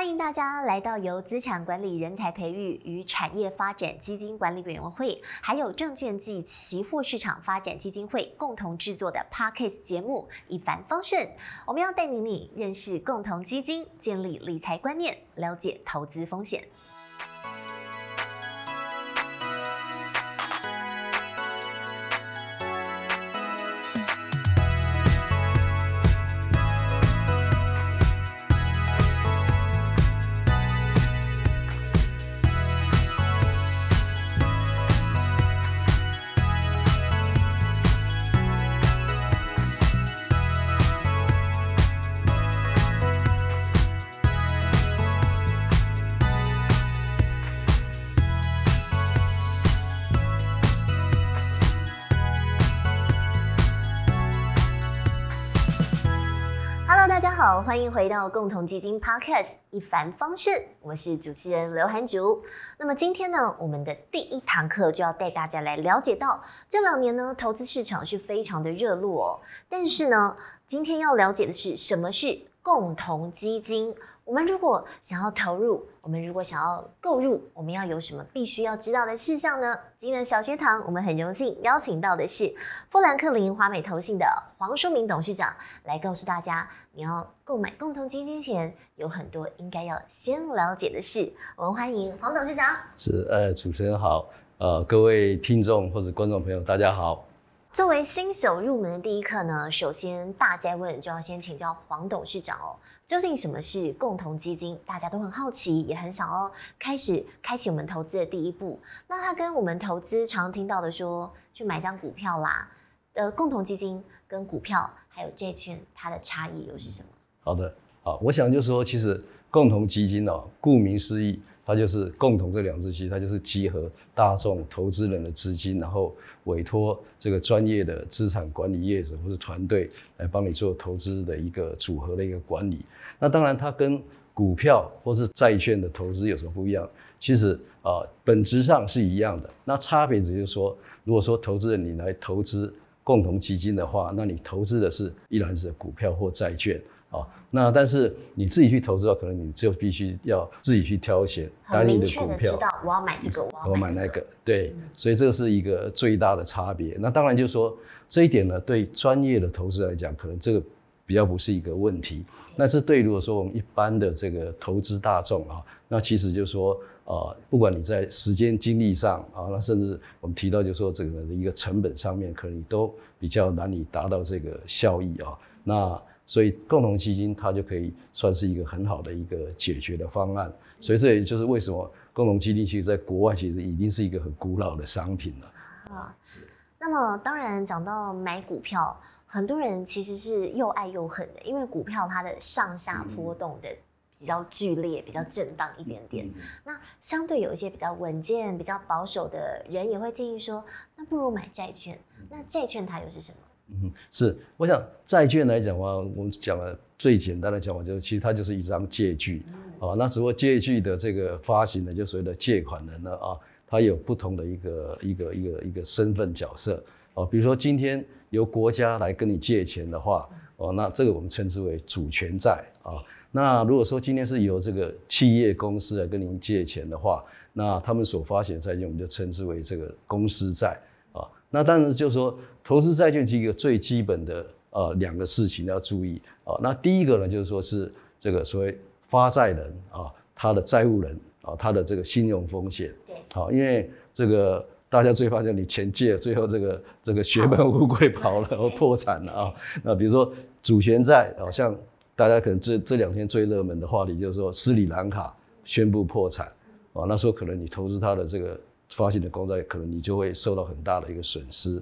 歡迎大家來到由資產管理人才培育與產業發展基金管理委員會，還有證券暨期貨市場發展基金會共同製作的 Podcast 節目《一帆風順》。我們要帶領你認識共同基金，建立理財觀念，了解投資風險。歡迎回到共同基金 Podcast 一帆風順，我是主持人劉涵竹。那麼今天呢，我們的第一堂課就要帶大家來了解到，這兩年呢，投資市場是非常的熱絡哦。但是呢，今天要了解的是什麼是共同基金。我們如果想要投入，我們如果想要購入，我們要有什麼必須要知道的事項呢？今天小學堂，我們很榮幸邀請到的是富蘭克林華美投信的黃書明董事長來告訴大家，你要購買共同基金前，有很多應該要先了解的事。我們歡迎黃董事長。是，呃，主持人好，呃，各位聽眾或者觀眾朋友，大家好。作為新手入門的第一課呢，首先大家問就要先請教黃董事長哦、喔。究竟什麼是共同基金？大家都很好奇，也很想哦，開始開啟我們投資的第一步。那它跟我們投資常聽到的說去買張股票啦，呃，共同基金跟股票還有債券，它的差異又是什麼？好的，好，我想就是說，其實共同基金呢、喔，顧名思義。它就是共同這兩只基金，它就是集合大眾投資人的資金，然後委託這個專業的資產管理業者或是團隊來幫你做投資的一個組合的一個管理。那當然，它跟股票或是債券的投資有什麼不一樣？其實啊，本質上是一樣的。那差別只是說，如果說投資人你來投資共同基金的話，那你投資的是一籃子股票或債券。啊、哦，那但是你自己去投資的話，可能你就必須要自己去挑選，單一的股票。很明確的知道我要買這個，我要買,、這個、我買那個。對，嗯、所以這是一個最大的差別。那當然就是說這一點呢，對專業的投資來講，可能這個比較不是一個問題。但是對如果說我們一般的這個投資大眾啊、哦，那其實就是說啊、呃，不管你在時間精力上啊、哦，那甚至我們提到就是說整個的一個成本上面，可能都比較難以達到這個效益啊、哦。那所以共同基金它就可以算是一個很好的一個解決的方案，所以這也就是為什麼共同基金其實在國外其實已經是一個很古老的商品了。啊，是。那麼當然講到買股票，很多人其實是又愛又恨的，因為股票它的上下波動的比較劇烈，嗯。比較震盪一點點。嗯。那相對有一些比較穩健、比較保守的人也會建議說，那不如買債券。那債券它又是什麼？嗯，是，我想債券來講的話，我們講了最簡單的講法，就是其實它就是一張借據，啊，那只不過借據的這個發行呢，就所謂的借款人呢，啊，它有不同的一個一個一個一個身份角色，啊，比如說今天由國家來跟你借錢的話，哦、啊，那這個我們稱之為主權債，啊，那如果說今天是由這個企業公司來跟您借錢的話，那他們所發行的債券我們就稱之為這個公司債。啊，那但是就是說，投資債券是一個最基本的呃、啊、兩個事情要注意啊。那第一個呢，就是說是這個所謂發債人啊，他的債務人啊，他的這個信用風險。對，好，因為這個大家最怕就你錢借，最後這個這個血本無歸跑了，然後破產了啊。那比如說主權債，好像大家可能這這兩天最熱門的話題就是說，斯里蘭卡宣布破產，啊，那時候可能你投資它的這個。發行的公債，可能你就會受到很大的一個損失，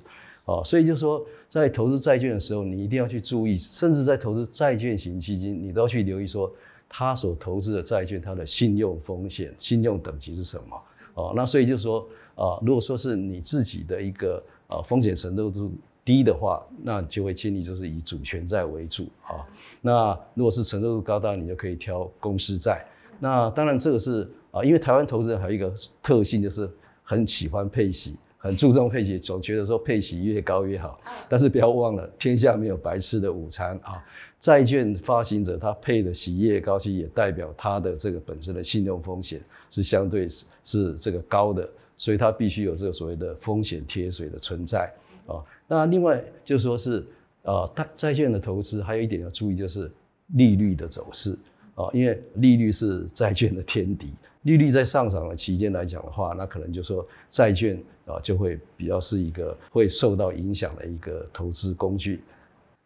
啊，所以就是說在投資債券的時候，你一定要去注意，甚至在投資債券型基金，你都要去留意說他所投資的債券它的信用風險、信用等級是什麼，啊，那所以就是說啊，如果說是你自己的一個啊風險承受度低的話，那就會建議就是以主權債為主啊，那如果是承受度高，當然你就可以挑公司債，那當然這個是啊，因為台灣投資人還有一個特性就是。很喜歡配息，很注重配息，總覺得說配息越高越好，但是不要忘了，天下沒有白吃的午餐啊。債券發行者他配的息越高，息也代表他的這個本身的信用風險是相對是這個高的，所以他必須有這個所謂的風險貼水的存在啊。那另外就是說是呃債債券的投資還有一點要注意，就是利率的走勢。啊，因為利率是債券的天敵，利率在上漲的期間來講的話，那可能就是說債券啊就會比較是一個會受到影響的一個投資工具。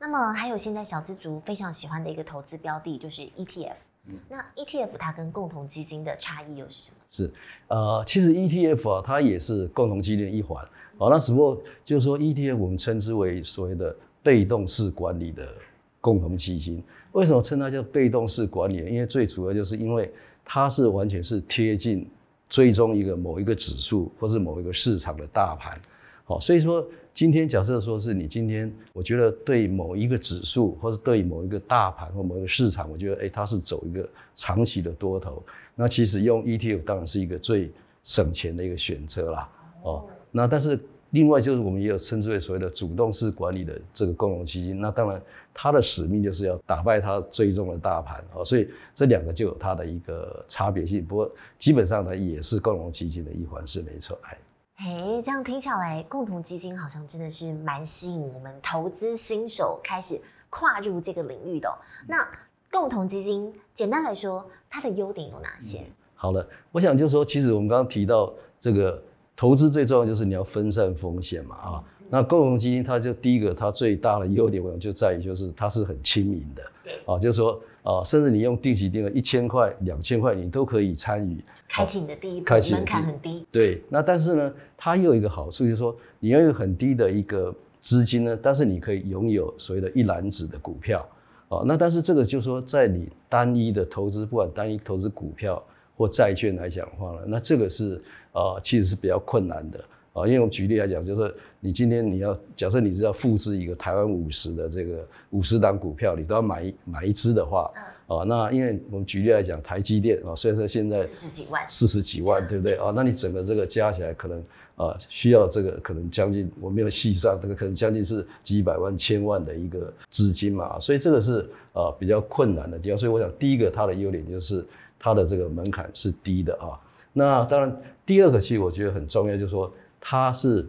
那麼還有現在小資族非常喜歡的一個投資標的，就是 ETF。那 ETF 它跟共同基金的差異又是什麼？是，呃，其實 ETF 啊，它也是共同基金的一環。哦、啊，那只不過就是說 ETF 我們稱之為所謂的被動式管理的。共同基金為什麼稱它叫被動式管理？因為最主要就是因為它是完全是貼近追蹤一個某一個指數，或是某一個市場的大盤。好、哦，所以說今天假設說是你今天，我覺得對某一個指數，或是對某一個大盤或某一個市場，我覺得誒、欸，它是走一個長期的多頭，那其實用 ETF 當然是一個最省錢的一個選擇啦。哦，那但是。另外就是我們也有稱之為所謂的主動式管理的這個共同基金，那當然它的使命就是要打敗它追蹤的大盤，所以這兩個就有它的一個差別性。不過基本上它也是共同基金的一環，是沒錯哎。這樣聽起來共同基金好像真的是蠻吸引我們投資新手開始跨入這個領域的哦。那共同基金簡單來說，它的優點有哪些？好了，我想就是說其實我們剛剛提到這個。投資最重要就是你要分散風險嘛啊，那共同基金它就第一個它最大的優點，我想就在於就是它是很親民的，對啊，就是說啊，甚至你用定期定額一千塊、兩千塊，你都可以參與，開啟你的第一步，門檻很低。對，那但是呢，它又有一個好處就是說，你要有很低的一個資金呢，但是你可以擁有所謂的一籃子的股票，啊，那但是這個就是說，在你單一的投資，不管單一投資股票。或債券來講的話呢，那這個是啊、呃，其實是比較困難的啊、呃。因為我們舉例來講，就是你今天你要假設你是要複製一個台灣五十的這個五十檔股票，你都要買一買一隻的話啊、嗯呃，那因為我們舉例來講，台積電啊、呃，所以說現在四十幾萬，四十幾萬嗯、對不對啊、呃？那你整個這個加起來可能啊、呃，需要這個可能將近我沒有細算，這個可能將近是幾百萬、千萬的一個資金嘛啊。所以這個是啊、呃，比較困難的地方。所以我想第一個它的優點就是。它的這個門檻是低的啊，那當然第二個其實我覺得很重要，就是說它是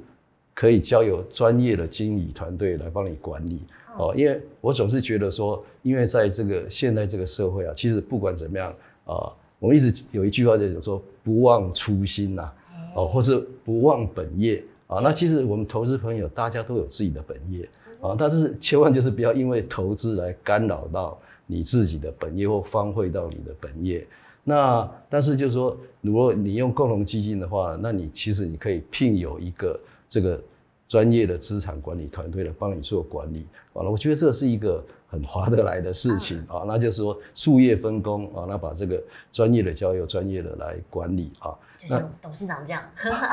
可以交由專業的經理團隊來幫你管理哦、啊，因為我總是覺得說，因為在這個現在這個社會啊，其實不管怎麼樣啊，我們一直有一句話叫做說不忘初心吶，哦，或是不忘本業啊。那其實我們投資朋友大家都有自己的本業啊，但是千萬就是不要因為投資來干擾到你自己的本業或荒廢到你的本業。那但是就是說，如果你用共同基金的話，那你其實你可以聘有一個這個專業的資產管理團隊來幫你做管理。我覺得這是一個很划得來的事情啊、嗯哦。那就是說，術業分工啊、哦，那把這個專業的交由專業的來管理啊。哦、就像董事長這樣。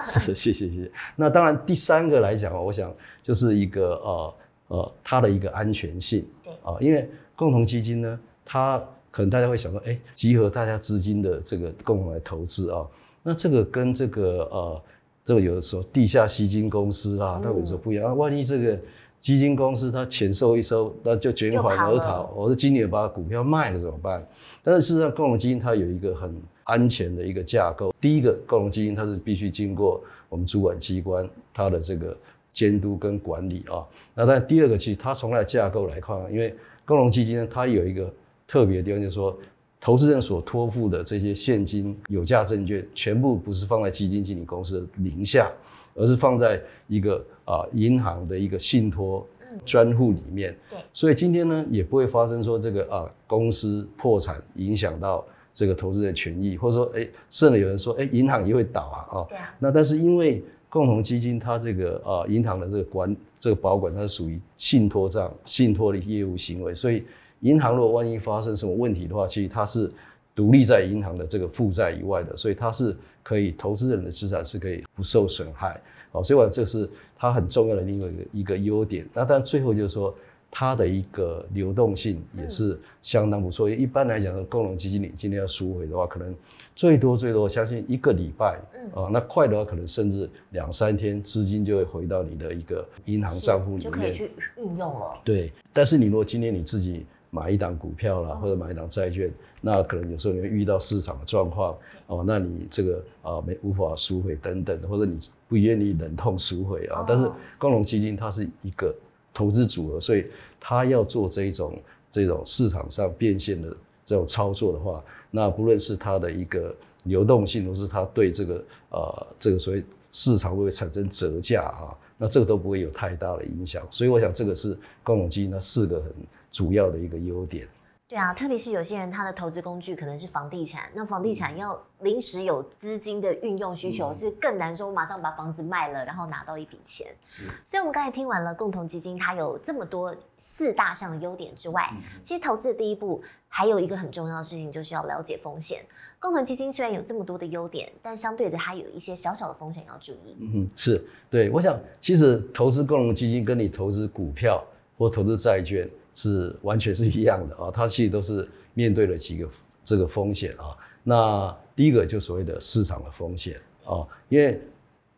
謝謝謝謝。那當然，第三個來講我想就是一個呃呃，它的一個安全性。對啊、哦，因為共同基金呢，它。可能大家會想說，哎、欸，集合大家資金的這個共同來投資啊、喔，那這個跟這個呃，這個有的時候地下吸金公司啦，它有時候不一樣、嗯、啊。萬一這個基金公司它錢收一收，那就捲款而逃，我說今年把股票賣了怎麼辦？但是事實上，共同基金它有一個很安全的一個架構。第一個，共同基金它是必須經過我們主管機關它的這個監督跟管理啊、喔。那但第二個，其實它從它的架構來看，因為共同基金它有一個。特別地方就是說，投資人所托付的這些現金、有價證券，全部不是放在基金經理公司的名下，而是放在一個啊銀行的一個信託專戶裡面。對。所以今天呢，也不會發生說這個啊公司破產影響到這個投資人的權益，或者說哎、欸，甚至有人說哎，銀行也會倒啊。哦。對啊。那但是因為共同基金它這個啊銀行的這個管這個保管，它是屬於信託賬、信託的業務行為，所以。銀行如果萬一發生什麼問題的話，其實它是獨立在銀行的這個負債以外的，所以它是可以投資人的資產是可以不受損害、哦、所以我覺得這是它很重要的一個一個優點。那但最後就是說，它的一個流動性也是相當不錯。嗯、因為一般來講，共同基金你今天要贖回的話，可能最多最多，我相信一個禮拜啊、嗯呃，那快的話可能甚至兩三天資金就會回到你的一個銀行賬戶裡面就可以去運用了。對，但是你如果今天你自己買一檔股票啦，或者買一檔債券，那可能有時候你會遇到市場的狀況哦，那你這個啊沒、呃、無法贖回等等，或者你不願意忍痛贖回啊。但是公募基金它是一個投資組合，所以它要做這種這種市場上變現的這種操作的話，那不論是它的一個流動性，或是它對這個啊、呃、這個所謂市場會產生折價啊，那這個都不會有太大的影響。所以我想這個是公募基金它四個很。主要的一個優點，對啊，特別是有些人他的投資工具可能是房地產，那房地產要臨時有資金的運用需求、嗯、是更難說，我馬上把房子賣了，然後拿到一筆錢。是，所以我們剛才聽完了共同基金，它有這麼多四大項的優點之外，嗯、其實投資的第一步還有一個很重要的事情就是要了解風險。共同基金雖然有這麼多的優點，但相對的它有一些小小的風險要注意。嗯，是，對，我想其實投資共同基金跟你投資股票或投資債券。是完全是一樣的啊，它其實都是面對了幾個這個風險啊。那第一個就所謂的市場的風險啊，因為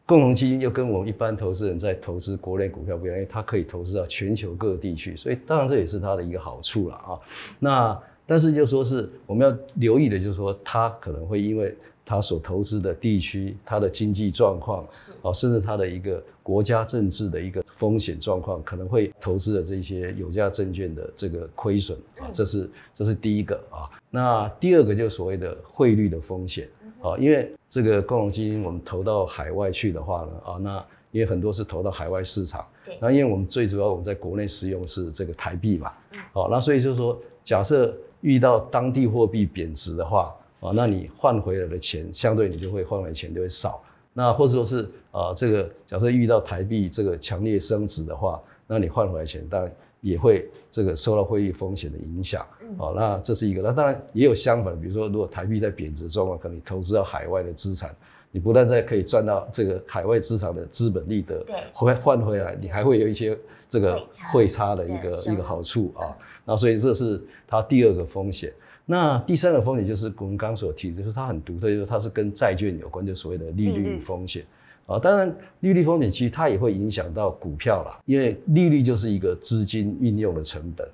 共同基金又跟我們一般投資人在投資國內股票不一樣，因為它可以投資到全球各地區，所以當然這也是它的一個好處了啊。那但是就說是我們要留意的，就是說它可能會因為。他所投資的地區，他的經濟狀況，是、啊、甚至他的一個國家政治的一個風險狀況，可能會投資的這些有價證券的這個虧損啊，這是這是第一個啊。那第二個就是所謂的匯率的風險啊，因為這個共同基金我們投到海外去的話呢啊，那因為很多是投到海外市場，那因為我們最主要我們在國內使用是這個台幣嘛，嗯，好，那所以就是說假設遇到當地貨幣貶值的話。啊、哦，那你換回來的錢，相對你就會換回來錢就會少。那或者說是啊、呃，這個假設遇到台幣這個強烈升值的話，那你換回來錢當然也會這個受到匯率風險的影響。哦，那這是一個。那當然也有相反，比如說如果台幣在貶值狀況，啊，可能你投資到海外的資產，你不但在可以賺到這個海外資產的資本利得，對，換換回，回來，你還會有一些這個匯差的一個對一個好處對啊。那所以這是它第二個風險。那第三個風險就是我們剛剛所提，就是它很獨特，就是它是跟債券有關，就是所謂的利率風險啊。當然，利率風險其實它也會影響到股票啦，因為利率就是一個資金運用的成本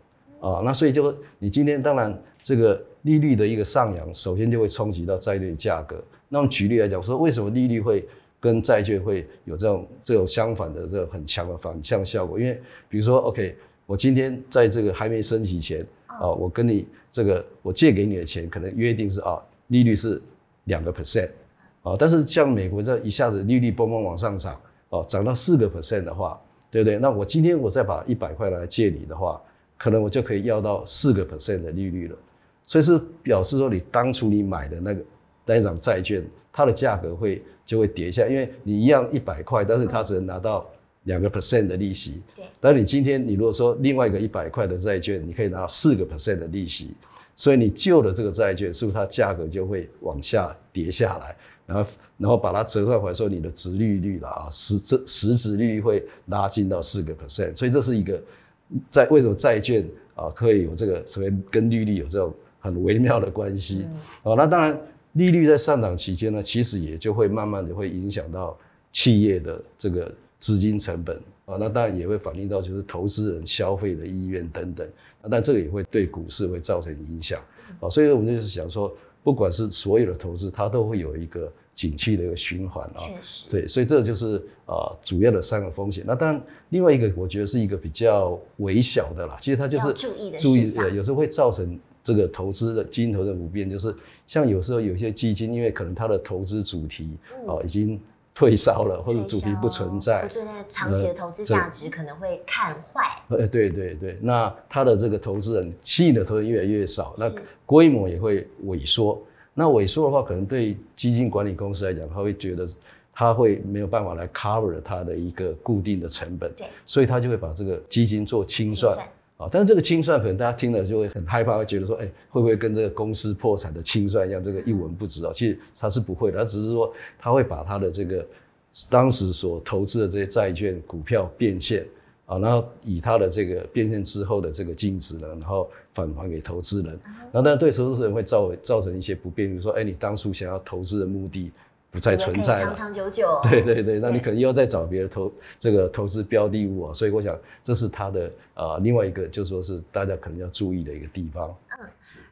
啊。那所以就你今天當然這個利率的一個上揚，首先就會衝擊到債券的價格。那麼舉例來講，說為什麼利率會跟債券會有這種這種相反的這種很強的反向效果？因為比如說，OK，我今天在這個還沒升息前。哦，我跟你這個我借給你的錢，可能約定是啊，哦，利率是兩個 percent，啊，但是像美國這一下子利率嘣嘣往上漲，哦，漲到四個 percent 的話，對不對？那我今天我再把一百塊來借你的話，可能我就可以要到四個 percent 的利率了。所以是表示說，你當初你買的那個那一張債券，它的價格會就會跌一下，因為你一樣一百塊，但是它只能拿到。兩個 percent 的利息，對，但你今天你如果說另外一個一百塊的債券，你可以拿到四個 percent 的利息，所以你舊的這個債券，是不是它價格就會往下跌下來？然後，然後把它折算回來，說你的殖利率了啊，實質實質利率會拉近到四個 percent，所以這是一個在為什麼債券啊可以有這個所謂跟利率有這種很微妙的關係？哦，那當然利率在上漲期間呢，其實也就會慢慢的會影響到企業的這個。資金成本啊，那當然也會反映到就是投資人消費的意願等等，那但這個也會對股市會造成影響啊，嗯、所以我們就是想說，不管是所有的投資，它都會有一個景氣的一個循環啊，確實，對，所以這就是啊、呃、主要的三個風險。那當然，另外一個我覺得是一個比較微小的啦，其實它就是注意的，注意呃、嗯，有時候會造成這個投資的基金投的不便，就是像有時候有些基金，因為可能它的投資主題啊、呃、已經。退燒了，或者主題不存在，我覺得長期的投資價值可能會看壞。呃，對對對，那他的這個投資人吸引的投資人越來越少，那規模也會萎縮。是那萎縮的話，可能對於基金管理公司來講，他會覺得他會沒有辦法來 cover 它的一個固定的成本，對所以他就會把這個基金做清算。清算啊、哦，但是這個清算可能大家聽了就會很害怕，會覺得說，哎、欸，會不會跟這個公司破產的清算一樣，這個一文不值啊、哦？其實它是不會的，它只是說，他會把他的這個當時所投資的這些債券、股票變現，啊、哦，然後以他的這個變現之後的這個淨值呢，然後返還給投資人。然後、嗯，當然對投資人會造造成一些不便，比如說，哎、欸，你當初想要投資的目的。不再存在了對對對，長 長久久、哦。對對對，那你可能又要再找別的投這個投資標的物啊，所以我想這是它的啊、呃、另外一個，就是說是大家可能要注意的一個地方。嗯，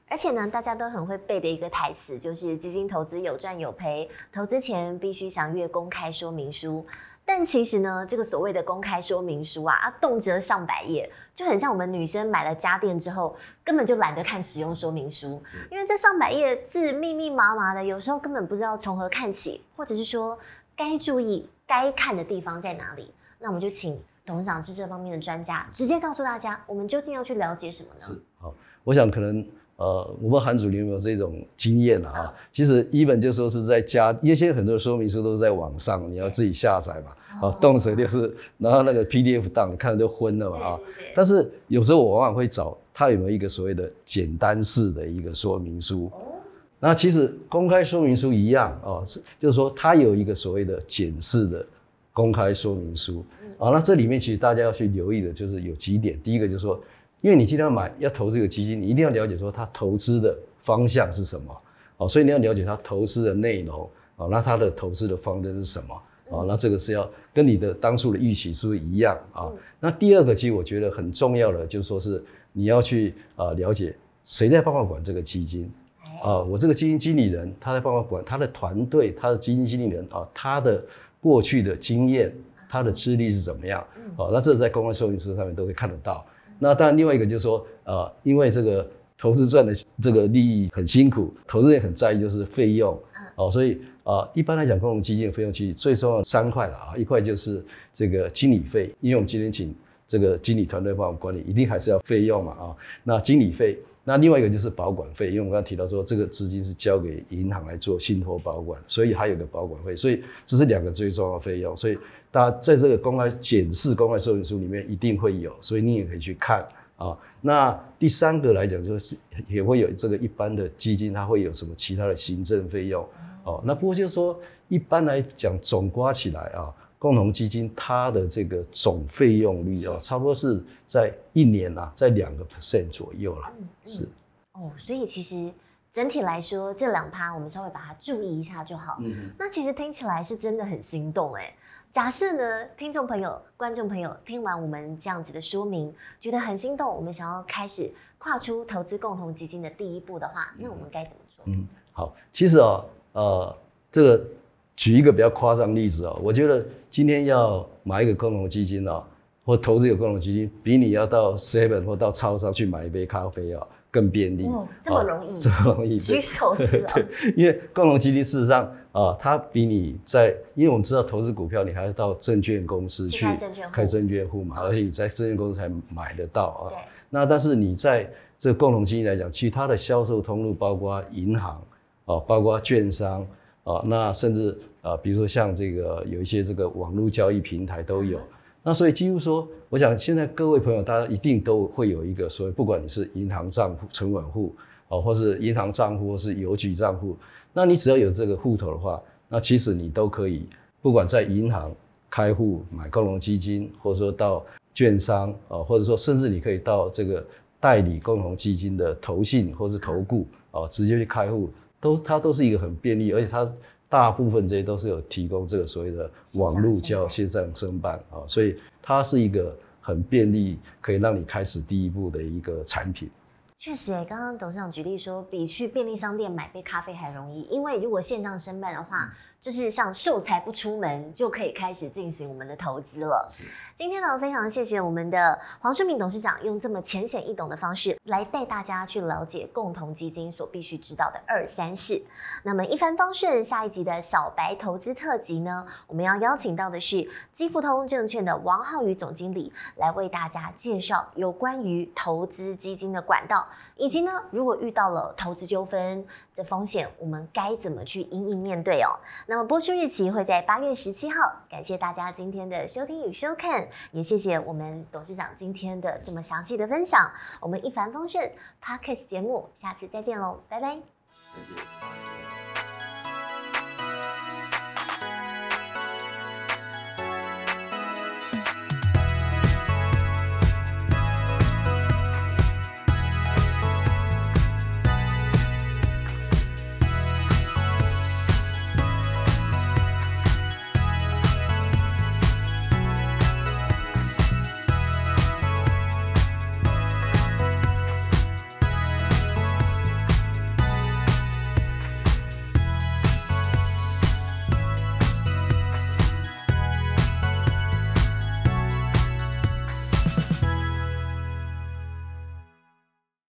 而且呢，大家都很會背的一個台詞就是：基金投資有賺有賠，投資前必須詳閱公開說明書。但其實呢，這個所謂的公開說明書啊，啊，動輒上百頁，就很像我們女生買了家電之後，根本就懶得看使用說明書，因為這上百頁字密密麻麻的，有時候根本不知道從何看起，或者是說該注意、該看的地方在哪裡。那我們就請董事長是這方面的專家，直接告訴大家，我們究竟要去了解什麼呢？是。好，我想可能。呃，我不知道韓主理有沒有這種經驗了啊，啊？其實一本就是說是在家，因為現在很多說明書都是在網上，你要自己下載嘛。啊，動輒就是拿那個 PDF 檔對，看著就昏了嘛啊。對對對，但是有時候我往往會找它有沒有一個所謂的簡單式的一個說明書。哦、那其實公開說明書一樣啊，是就是說它有一個所謂的簡式的公開說明書。好、嗯啊，那這裡面其實大家要去留意的就是有幾點，第一個就是說。因為你今天要買要投這個基金，你一定要了解說它投資的方向是什麼，哦，所以你要了解它投資的內容，哦，那它的投資的方針是什麼，哦，那這個是要跟你的當初的預期是不是一樣啊，哦，那第二個，其實我覺得很重要的，就是說是你要去啊了解誰在幫我管這個基金，啊，哦，我這個基金經理人他在幫我管他的團隊，他的基金經理人啊，哦，他的過去的經驗，他的資歷是怎麼樣？哦，那這是在公開說明書上面都會看得到。那當然，另外一個就是說，呃，因為這個投資賺的這個利益很辛苦，投資人很在意，就是費用，哦，所以啊、呃，一般來講，共同基金的費用其實最重要三塊了啊，一塊就是這個經理費，因為我們今天請這個經理團隊幫我們管理，一定還是要費用嘛啊、哦，那經理費。那另外一個就是保管費，因為我剛才提到說這個資金是交給銀行來做信託保管，所以還有個保管費，所以這是兩個最重要的費用，所以大家在這個公開簡式，公開說明書裡面一定會有，所以你也可以去看啊。那第三個來講就是也會有這個一般的基金，它會有什麼其他的行政費用哦、啊？那不過就是說一般來講總括起來啊，共同基金它的這個總費用率啊，差不多是在一年啊，在兩個 percent 左右了，是、嗯嗯。哦，所以其實整體來說，這兩趴我們稍微把它注意一下就好。嗯。那其實聽起來是真的很心動哎、欸。假設呢，聽眾朋友、觀眾朋友聽完我們這樣子的說明，覺得很心動，我們想要開始跨出投資共同基金的第一步的話，那我們該怎麼做、嗯？嗯，好，其實啊、哦，呃，這個。舉一個比較誇張例子啊、喔，我覺得今天要買一個共同基金哦、喔，或投資一個共同基金，比你要到 Seven 或到超商去買一杯咖啡哦、喔，更便利。哦、嗯，這麼容易？啊、這麼容易？舉手之勞、喔。對，因為共同基金事實上啊，它比你在因為我們知道投資股票，你還要到證券公司去開證券戶嘛，而且你在證券公司才買得到啊。對那但是你在這個共同基金來講，其他的銷售通路包括銀行哦、啊，包括券商。啊、哦，那甚至啊、呃，比如說像這個有一些這個網絡交易平台都有，那所以幾乎說，我想現在各位朋友，大家一定都會有一個，所以不管你是銀行賬戶、存款戶，啊、哦，或是銀行賬戶或是郵局賬戶，那你只要有這個戶頭的話，那其實你都可以，不管在銀行開戶買共同基金，或者說到券商啊、哦，或者說甚至你可以到這個代理共同基金的投信或是投顧啊、哦，直接去開戶。都它都是一個很便利，而且它大部分這些都是有提供這個所謂的網路叫線上申辦啊，所以它是一個很便利，可以讓你開始第一步的一個產品。確實，剛剛董事長舉例說，比去便利商店買杯咖啡還容易，因為如果線上申辦的話。就是像秀才不出門，就可以開始進行我們的投資了。是今天呢，非常謝謝我們的黃書明董事長，用這麼淺顯易懂的方式來帶大家去了解共同基金所必須知道的二三事。那麼一帆風順，下一集的小白投資特輯呢，我們要邀請到的是基富通證券的王浩宇總經理來為大家介紹有關於投資基金的管道，以及呢，如果遇到了投資糾紛這風險，我們該怎麼去應應面對哦。那那麼播出日期會在八月十七號。感謝大家今天的收聽與收看，也謝謝我們董事長今天的這麼詳細的分享。我們一帆風順，Podcast 節目下次再見嘍，拜拜。謝謝。